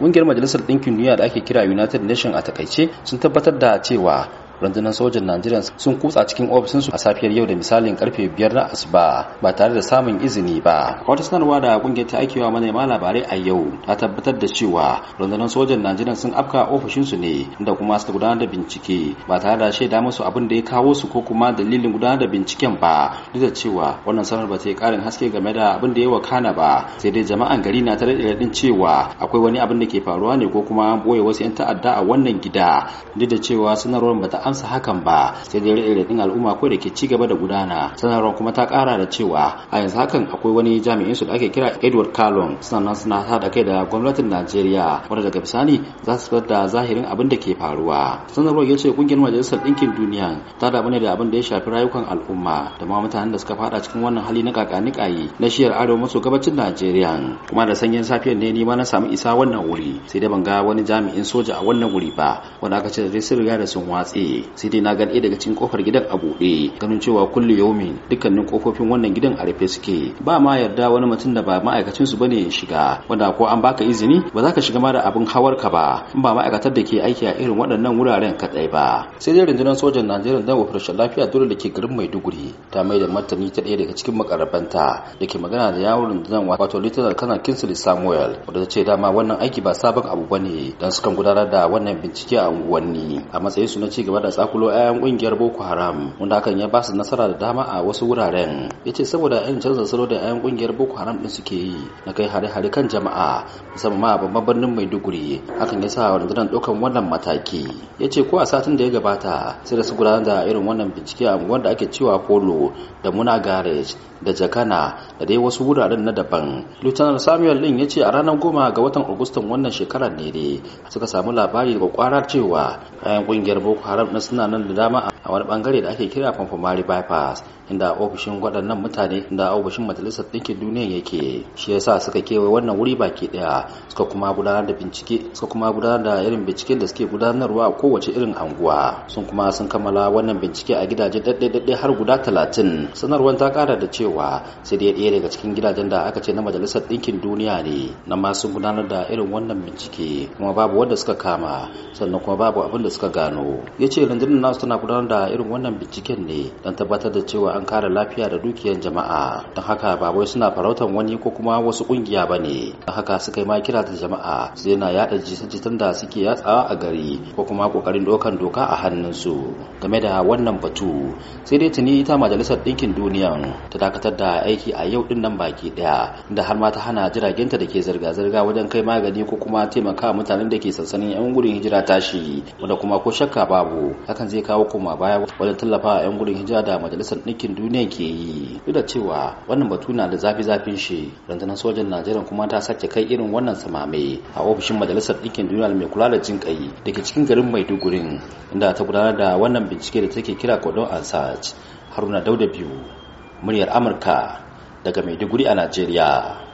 ƙungiyar majalisar ɗinkin duniya da ake kira united Nation a takaice sun tabbatar da cewa rundunar sojan najeriya sun kutsa cikin su a safiyar yau da misalin karfe biyar na asuba ba tare da samun izini ba wata sanarwa da kungiyar ta aikewa manema labarai a yau ta tabbatar da cewa rundunar sojan najeriya sun afka ofishinsu ne da kuma su gudanar da bincike ba tare da shaida musu abin da ya kawo su ko kuma dalilin gudanar da binciken ba duk da cewa wannan sanar ba ta yi karin haske game da abin da ya wakana ba sai dai jama'an gari na ta din cewa akwai wani abin da ke faruwa ne ko kuma boye wasu 'yan ta'adda a wannan gida duk da cewa sanarwar ba ta amsa hakan ba sai dai rere din al'umma ko da ke ci gaba da gudana sanarwar kuma ta kara da cewa a yanzu hakan akwai wani jami'in su da ake kira Edward Kalon sannan suna da kai da gwamnatin Najeriya wanda daga bisani za su fitar da zahirin abin da ke faruwa sanarwar ya ce kungiyar majalisar ɗinkin duniya ta damu ne da abin da ya shafi rayukan al'umma da ma mutanen da suka fada cikin wannan hali na kakanikayi na shiyar arewa maso gabacin Najeriya kuma da sanyin safiyar ne ni ma na samu isa wannan wuri sai dai ban ga wani jami'in soja a wannan wuri ba wanda aka ce zai sun da sun watse rufe sai dai na gan ɗaya daga cikin kofar gidan a buɗe ganin cewa kulli yaumi dukkanin kofofin wannan gidan a rufe suke ba ma yarda wani mutum da ba ma'aikacin su bane ya shiga wanda ko an baka izini ba za ka shiga ma da abin hawar ka ba in ba ma'aikatar da ke aiki a irin waɗannan wuraren tsaye ba sai dai rundunar sojan Najeriya dan operation lafiya dole da ke garin Maiduguri ta mai da martani ta ɗaya daga cikin makarabanta da ke magana da yawon rundunar wato Lieutenant Kana Kinsley Samuel wanda ta ce dama wannan aiki ba sabon abu bane dan sukan gudanar da wannan bincike a unguwanni a matsayin su na ci gaba da da tsakulo 'ya'yan kungiyar boko haram wanda hakan ya ba su nasara da dama a wasu wuraren ya ce saboda 'yan canza salo da 'ya'yan kungiyar boko haram din suke yi na kai hare-hare kan jama'a musamman ma a babban birnin maiduguri hakan ya sa rundunar ɗaukan wannan mataki ya ce ko a satin da ya gabata sai da su gudanar da irin wannan bincike a unguwar da ake cewa polo da muna garage da jakana da dai wasu wuraren na daban lieutenant samuel Lin ya ce a ranar goma ga watan agustan wannan shekarar ne dai suka samu labari ga kwarar cewa 'ya'yan kungiyar boko haram suna nan da dama a wani bangare da ake kira Pomfomari bypass inda ofishin waɗannan mutane da ofishin majalisar Dinkin duniya yake shi yasa suka kewaye wannan wuri baki ɗaya suka kuma gudanar da bincike suka kuma gudanar da irin binciken da suke gudanarwa a kowace irin anguwa sun kuma sun kammala wannan bincike a gidaje daɗe-daɗe har guda talatin sanarwar ta ƙara da cewa sai dai ɗaya daga cikin gidajen da aka ce na majalisar Dinkin duniya ne na ma sun gudanar da irin wannan bincike kuma babu wanda suka kama sannan kuma babu abin da suka gano yace ce rundunar nasu tana gudanar da da irin wannan binciken ne don tabbatar da cewa an kare lafiya da dukiyar jama'a don haka ba wai suna farautan wani ko kuma wasu kungiya ba ne don haka suka yi ma kira da jama'a su yana yada jita da suke yatsawa a gari ko kuma kokarin dokan doka a hannunsu game da wannan batu sai dai tuni ita majalisar ɗinkin duniya ta dakatar da aiki a yau din nan baki ɗaya, da har ma ta hana jiragenta da ke zirga-zirga wajen kai magani ko kuma taimaka mutanen da ke sansanin 'yan gudun hijira tashi wanda kuma ko shakka babu hakan zai kawo koma baya wajen tallafa 'yan gudun hijira da majalisar ɗinkin duniya ke yi duk da cewa wannan batu na da zafi-zafin shi rundunar sojan najeriya kuma ta sake kai irin wannan samame a ofishin majalisar ɗinkin duniya mai kula da jin kai da ke cikin garin maidugurin inda ta gudanar da wannan bincike da take kira kodon ansat haruna dauda biyu muryar amurka daga maiduguri a najeriya